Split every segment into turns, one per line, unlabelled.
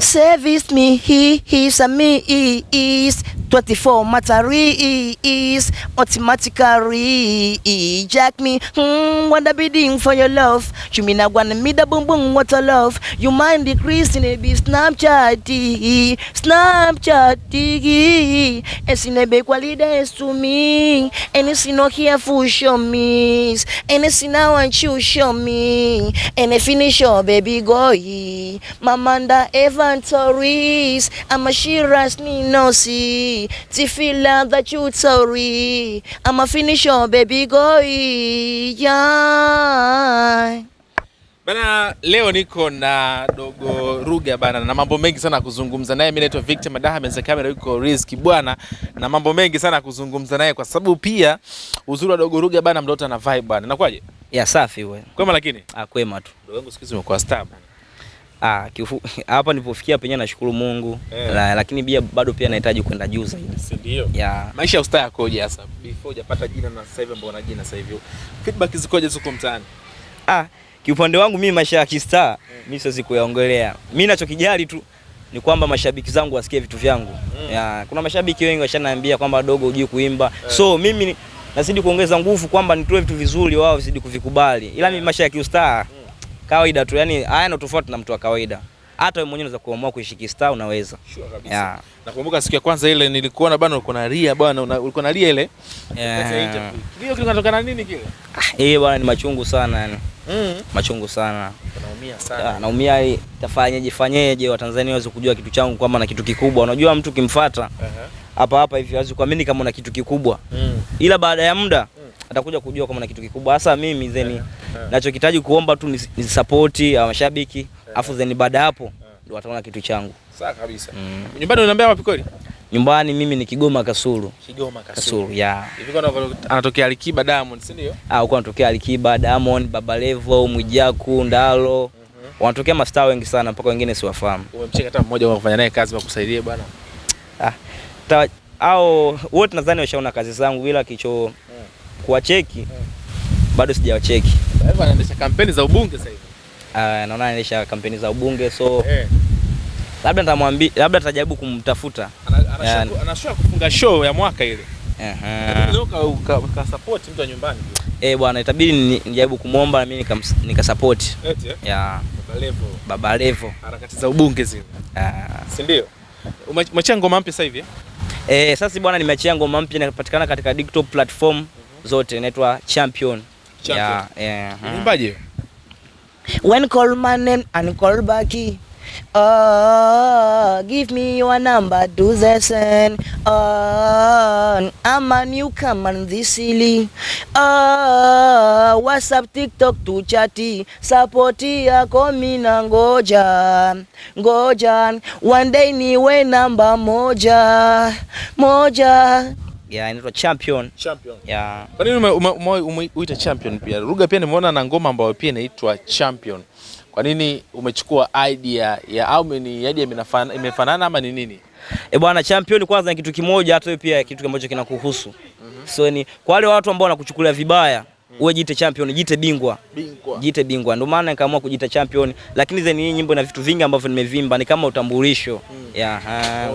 Service me, he is a me he is 24 matter is automatically jack me. Hmm, wanda bidding for your love. You mean I wanna meet the boom boom, what a love. You mind decreasing it be Snapchat, Snapchat, and sinebe qualities to me. And it's no here for show me. And it's now and you show me. And I finish your baby go. Mamanda Evan Torres, I'm a Shiras Ninosi boy. Tefila that you I'm a finish your baby boy. Yeah.
Bana, leo niko na Dogo Ruga bana, na mambo mengi sana kuzungumza naye. Mimi naitwa Victor Madaha, mwenza kamera yuko Rizki bwana, na mambo mengi sana kuzungumza naye kwa sababu pia uzuri wa Dogo Ruga bana, mdoto ana vibe bana. Nakwaje?
Ya safi wewe. Kwema lakini? Ah, kwema tu.
Dogo wangu siku hizi umekuwa star bana.
Ah, hapa nilipofikia penyewe nashukuru Mungu yeah. La, lakini pia bado pia nahitaji kwenda juu zaidi. Si ndio? Yeah.
Maisha ya ustaa yakoje hasa? Before hujapata jina na sasa hivi ambao una jina sasa hivi. Feedback zikoje huko mtaani?
Ah, kiupande wangu mimi maisha ya kista yeah. Mimi siwezi kuyaongelea. Mimi ninachokijali tu ni kwamba mashabiki zangu wasikie vitu vyangu. Mm. Yeah. Kuna mashabiki wengi washaniambia kwamba dogo hujui kuimba. Yeah. So mimi nazidi kuongeza nguvu kwamba nitoe vitu vizuri, wao wazidi kuvikubali. Ila eh. mimi maisha ya kistaa mm kawaida tu, yani haya ndo tofauti na mtu wa kawaida. Hata wewe mwenyewe unaweza kuamua kuishi kistaa, unaweza sure kabisa yeah.
Nakumbuka siku ya kwanza ile nilikuona bwana, ulikuwa nalia bwana, ulikuwa nalia ile yeah. Kilio kinatokana nini kile?
Ah, eh bwana, ni machungu sana yani mm. Machungu sana ah,
naumia sana yeah,
naumia. Tafanyeje fanyeje, Watanzania waweze kujua kitu changu kwamba na kitu kikubwa. Unajua mtu kimfuata uh -huh. hapa hapa hivi hawezi kuamini kama una kitu kikubwa mm. ila baada ya muda mm. atakuja kujua kama na kitu kikubwa hasa mimi zeni uh uh-huh. Nachokitaji kuomba tu ni support ya mashabiki, afu then baada hapo ndio wataona kitu changu.
Sawa kabisa. Mm. Nyumbani unaambia wapi kweli?
Nyumbani mimi ni Kigoma Kasulu.
Kigoma Kasulu. Kasulu, yeah. Hivi kwa anatokea Alikiba Diamond, si ndio?
Ah, huko anatokea Alikiba Diamond, Baba Levo, Mwijaku, Ndalo. Mhm. Wanatokea mastaa wengi sana mpaka wengine siwafahamu.
Umemcheka hata mmoja wa kufanya naye kazi wa kusaidia bwana?
Ah. Au wote nadhani washaona kazi zangu bila kicho mm. kuwacheki. Mm bado sijawacheki.
Anaendesha kampeni za ubunge sasa hivi.
Ah, naona anaendesha kampeni za ubunge so eh. Labda nitamwambia, labda nitajaribu kumtafuta.
Anashoa kufunga show ya mwaka ile. ka, ka support mtu wa nyumbani.
Eh, bwana itabidi nijaribu kumwomba na mimi nikasupport. Eti eh? Ya. Baba Levo. Baba Levo.
Harakati za ubunge zile. Ah. Si ndio? Umeachia ngoma mpya sasa hivi? Eh,
eh sasa bwana nimeachia ngoma mpya inapatikana katika digital platform mhm. zote inaitwa Champion. Yeah,
yeah. Uh-huh. Unaimbaje?
When call my name and call back. Oh, give me your number, do the same. Oh, I'm a newcomer in this city. Oh, uh, WhatsApp, TikTok, tu chati. Sapoti yako mina ngoja. Ngoja. One day niwe namba moja. Moja
yeah, inaitwa Champion. Champion. Yeah.
Kwa nini umeuita Champion pia? Ruga pia nimeona na ngoma ambayo pia inaitwa Champion. Kwa nini umechukua idea ya au ni idea imefanana ama ni nini?
Eh, bwana Champion kwanza ni kitu kimoja, hata pia kitu ambacho kinakuhusu. Mm -hmm. So ni kwa wale watu ambao wanakuchukulia vibaya Mm. Uwe jite champion, jite bingwa. Bingwa. Jite bingwa. Ndio maana nikaamua kujita champion. Lakini zeni hii nyimbo na vitu vingi ambavyo nimevimba ni kama utambulisho. Mm. Ya, ha.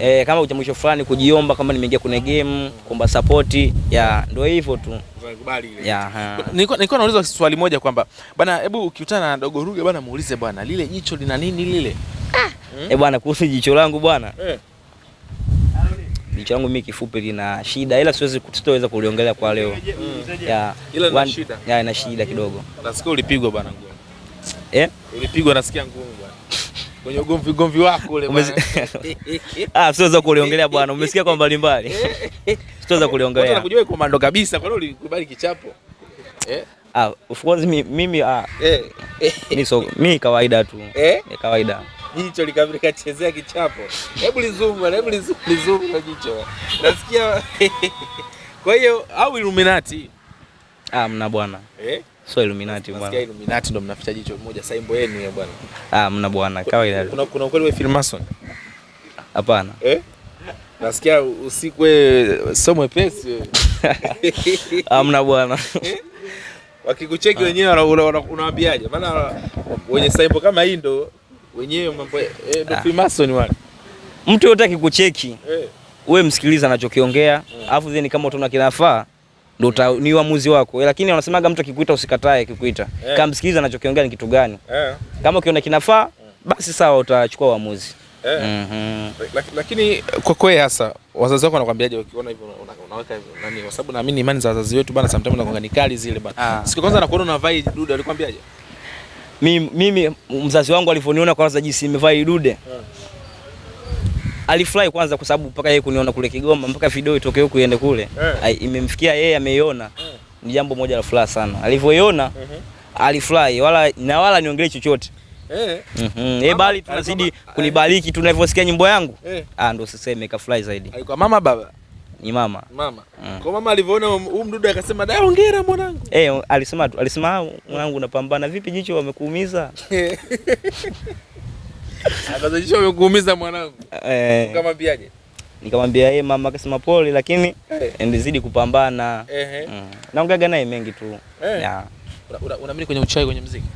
Eh, kama utambulisho fulani kujiomba kama nimeingia kwenye game, kuomba support. Ya, ndio hivyo tu.
Zakubali ile. Ya, ha. Nilikuwa nilikuwa nauliza swali moja kwamba bana, hebu ukikutana na Dogo Ruge bana muulize bwana, lile jicho lina nini lile? Ah.
Mm. Eh, bwana kuhusu jicho langu bwana. Eh jicho langu mimi kifupi lina shida, ila siwezi kutoweza kuliongelea kwa leo yeah. Mm.
Ila ina shida
yeah, ina shida kidogo.
Nasikia ulipigwa bwana ngumi eh, ulipigwa nasikia ngumi bwana kwenye ugomvi ugomvi wako ule bwana.
Ah, siwezi kuliongelea bwana, umesikia kwa mbali mbali, siweza kuliongelea.
kujua kwa mando kabisa, kwa nini ulikubali kichapo
eh? Ah, of course mimi mimi ah eh, mimi kawaida tu eh, Ni kawaida
jicho likachezea kichapo, hebu lizumu, hebu lizumu jicho, nasikia. Kwa hiyo au Illuminati?
Ah, mna bwana eh? So Illuminati bwana.
Nasikia Illuminati ndo mnaficha jicho moja, saimbo yenu ya bwana.
Ah, mna bwana, kawaida.
Kuna kuna kweli wewe Freemason? Hapana. Eh? Nasikia usiku wewe sio mwepesi wewe.
Amna ah, bwana. Eh?
Wakikucheki wenyewe wanakuambiaje? Maana wenye saimbo kama hii ndo wenyewe mambo Freemason eh, ah. wale.
Mtu yote akikucheki wewe eh. msikiliza anachokiongea, eh. alafu then kama utaona kinafaa ndio ni uamuzi wako, lakini wanasemaga mtu akikuita usikatae, akikuita kama msikiliza anachokiongea ni kitu gani. Kama ukiona kinafaa basi sawa, utachukua uamuzi.
Yeah. Mm -hmm. Lakini kwa kweli hasa wazazi wako wanakuambiaje ukiona hivyo unaweka hivyo nani? Kwa sababu naamini imani za wazazi wetu bana, sometimes na kongani kali zile bana. Ah. Siku kwanza nakuona unavaa duda alikwambiaje?
mimi, mimi mzazi wangu alivyoniona kwanza jinsi nimevaa idude alifurahi kwanza, kwa sababu mpaka yeye kuniona kule Kigoma, mpaka video itoke huku iende kule yeah. Imemfikia yeye, ameiona yeah. Ni jambo moja la furaha sana alivyoiona uh mhm. -huh. Alifurahi wala na wala niongelee chochote eh, mm -hmm. bali tunazidi kunibariki tunavyosikia nyimbo yangu eh. Ah, ndo siseme kafurahi zaidi.
Alikuwa mama baba ni mama mama. Mm. Kwa mama alivyoona huyu mdudu akasema, da, hongera mwanangu.
Eh, alisema tu, alisema ah, mwanangu, unapambana vipi? Jicho wamekuumiza
akaza jicho wamekuumiza mwanangu. Eh, nikamwambiaje?
Nikamwambia yeye eh, mama akasema pole, lakini hey. Eh. endezidi kupambana. Eh, mm. Naongeaga naye mengi tu
eh. Yeah. Unaamini una una kwenye uchawi, kwenye muziki?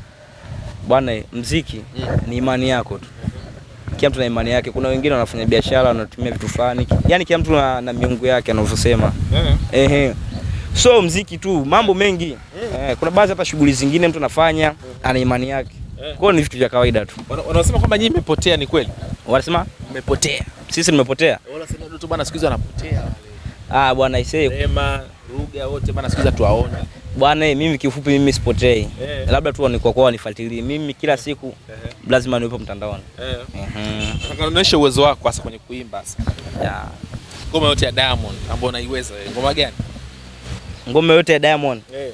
bwana? muziki mm. ni imani yako tu mm -hmm kila mtu na imani yake. Kuna wengine wanafanya biashara wanatumia vitu fulani, yani kila mtu na, na miungu yake anavyosema yeah. Ehe, so mziki tu mambo mengi yeah. Eh, kuna baadhi hata shughuli zingine mtu anafanya yeah. ana imani yake yeah. Kwao ni vitu vya kawaida tu.
Wanasema kwamba nyinyi mmepotea, ni kweli? Wanasema mmepotea,
sisi nimepotea. Ah bwana, isee
Rema Ruga wote bana, sikiza tuwaone
Bwana, eh, mimi kifupi, mimi sipotei yeah. Labda tu kwa wanifuatilie mimi kila eh. siku yeah. Lazima niwepo mtandaoni
yeah. mm-hmm. uwezo wako hasa kwenye kuimba sasa. yeah. Ngoma yote ya Diamond ambayo unaiweza wewe, ngoma gani?
Ngoma yote ya Diamond
yeah.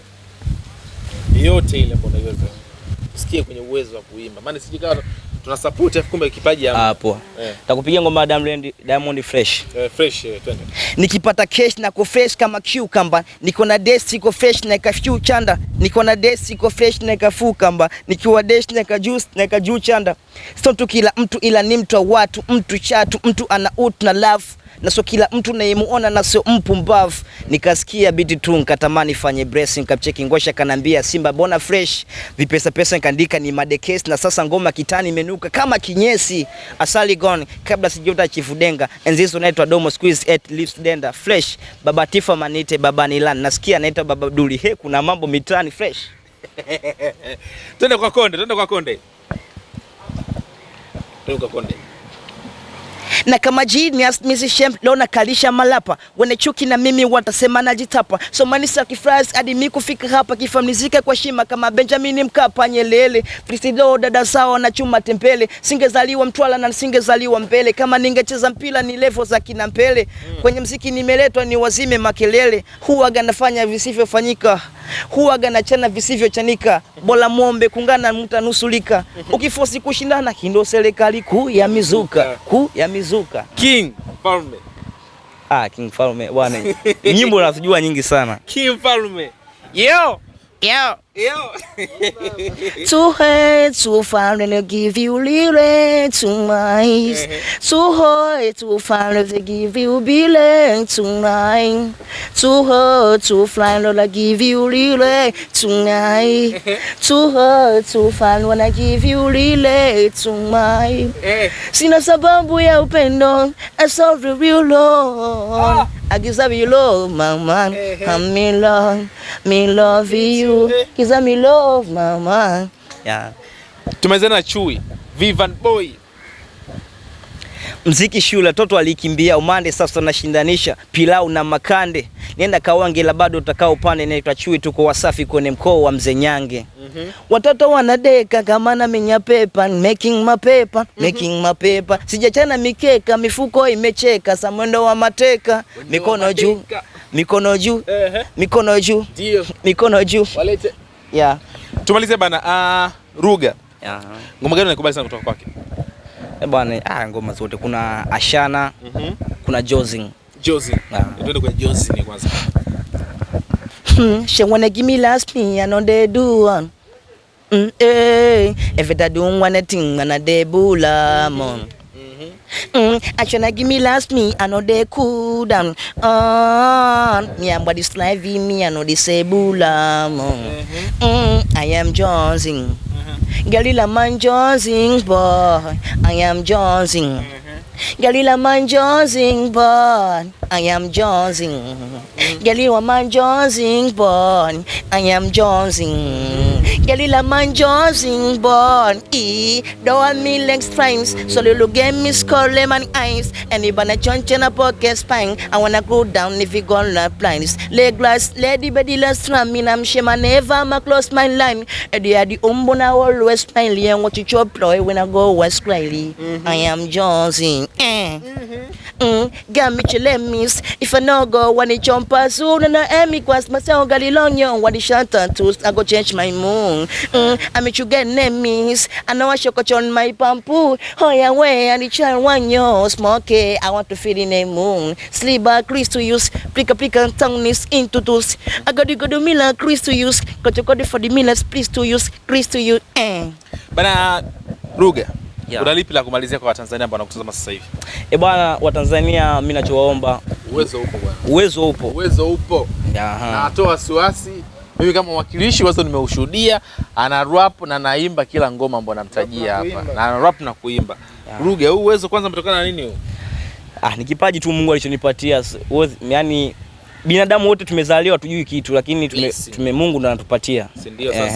Yote ile ambayo unaiweza, usikie kwenye uwezo wa kuimba, maana sijui Tuna support afu kumbe kipaji
ah, hapo. Eh. Takupigia ngoma Diamond Diamond fresh.
Eh, fresh eh, twende.
Nikipata cash na ko fresh kama cucumber, niko na desk iko fresh na ka few chanda, niko na desk iko fresh na ka full kamba, nikiwa desk na ka juice na ka juice chanda. Sio tu kila mtu ila ni mtu wa watu, mtu chatu, mtu ana utu na love na sio kila mtu nayemuona na sio mpumbavu. Nikasikia biti tu nikatamani fanye blessing kapcheki ngosha kanambia Simba bona fresh vipesa pesa, nikaandika ni madekes, na sasa ngoma kitani imenuka kama kinyesi asali gone, kabla sijota chifudenga enzi hizo naitwa domo squeeze at lips denda fresh baba tifa manite baba nilan, nasikia naitwa baba duli he, kuna mambo mitani fresh.
Twende kwa konde, twende kwa konde, twende kwa konde
na kama jini misishem lona kalisha malapa wene chuki na mimi watasema najitapa so many sacrifice hadi mimi kufika hapa kifamnizike kwa shima kama Benjamin Mkapa Nyelele Prisido dada sawa na chuma tempele singezaliwa Mtwala na singezaliwa Mbele kama ningecheza mpira ni level za kina Mpele hmm. kwenye mziki nimeletwa ni wazime makelele huwa ganafanya visivyofanyika huwa ganachana visivyochanika bola muombe kungana mtanusulika ukifosi kushindana kindo serikali kuu ya mizuka kuu ya mizuka Zuka.
King Mfalme.
Ah, King Mfalme bwana. Nyimbo nazijua nyingi sana.
King Mfalme. Yo. Yo. Two
too far, families, they give you lily, two eyes. Two too far, families, they give you billy, two Too Two too far, when they give you lily, two Too Two too far, when I give you lily, two nine. Eh. Sina sababu ya upendo, I saw the real Lord. Agiza bilo, mama, eh, eh. I'm in love, me love you. kusikiza my love mama.
Yeah.
Tumezana chui Vivan Boy
mziki shule toto alikimbia umande, sasa nashindanisha pilau na makande, nenda la bado utakao upande. Naitwa Chui, tuko Wasafi kwenye mkoa wa Mzenyange. mm -hmm. Watoto wanadeka kama na minya pepa making my paper, mhm. making my paper. mapepa sijachana mikeka, mifuko imecheka, samwendo wa mateka, mikono juu mikono juu mikono juu mikono juu
Yeah.
Tumalize bana. Uh, Ruga. Yeah. Ngoma gani unakubali sana kutoka kwake?
Eh, bwana, ah, ngoma zote kuna Ashana, mm -hmm. kuna Jozin.
Jozin. Tuende kwa Jozin kwanza.
Hmm, She wanna give me last me and on the do one. Mm, eh, if it I don't want a thing and a debula mm-hmm. mon. Mm, Ashana give me last me, I know they cool down. On ah, me, I'm body is me, I know they say bula. Mm, mm-hmm. mm I am Johnson. Uh-huh. Mm-hmm. Galila man Johnson boy, I am Johnson. Uh-huh. Mm-hmm. Galila man Johnson boy I am Johnson. Galila man Johnson boy I am Johnson. Galila manjons in born e doa me leg times so lulu game me score lemon eyes and chunch in a pocket spine I wanna go down if you gonna blinds. leg glass lady bedi last ram me nam shema never ma close my line And edi the umbo na always finally. And what you chop ploy when I go west cryly. mm -hmm. I am Jones in eh. mm-hmm. Mm, gami chilemis if I no go when it jump as soon and I am me quest myself got long young. What is on to I go change my mood Mm, mm, I'm a chugenemis. I know I should on my pampoo. Oh, yeah, way, and it's a one yo. Smoke, I want to feel in a moon. Sleep back, Chris to use. Pick a pick and tongue miss into tools. I got to go to Miller Chris to use. Got to go for the Miller's please to use. Chris to use. Eh.
Bana Ruge. Yeah. Una lipi la kumalizia kwa Watanzania ambao wanakutazama sasa hivi?
Eh, bwana Watanzania, mimi ninachowaomba
uwezo upo bwana. Uwezo upo. Uwezo upo. Aha. Na atoa wasiwasi mimi kama mwakilishi wazo nimeushuhudia, ana rap na naimba kila ngoma ambayo namtajia hapa, na ana rap na kuimba. Ruge, huu uwezo kwanza umetokana na nini huu?
Ah, ni kipaji tu Mungu alichonipatia. Yaani binadamu wote tumezaliwa tujui kitu, lakini tume, tume Mungu ndo anatupatia. Si ndio sasa?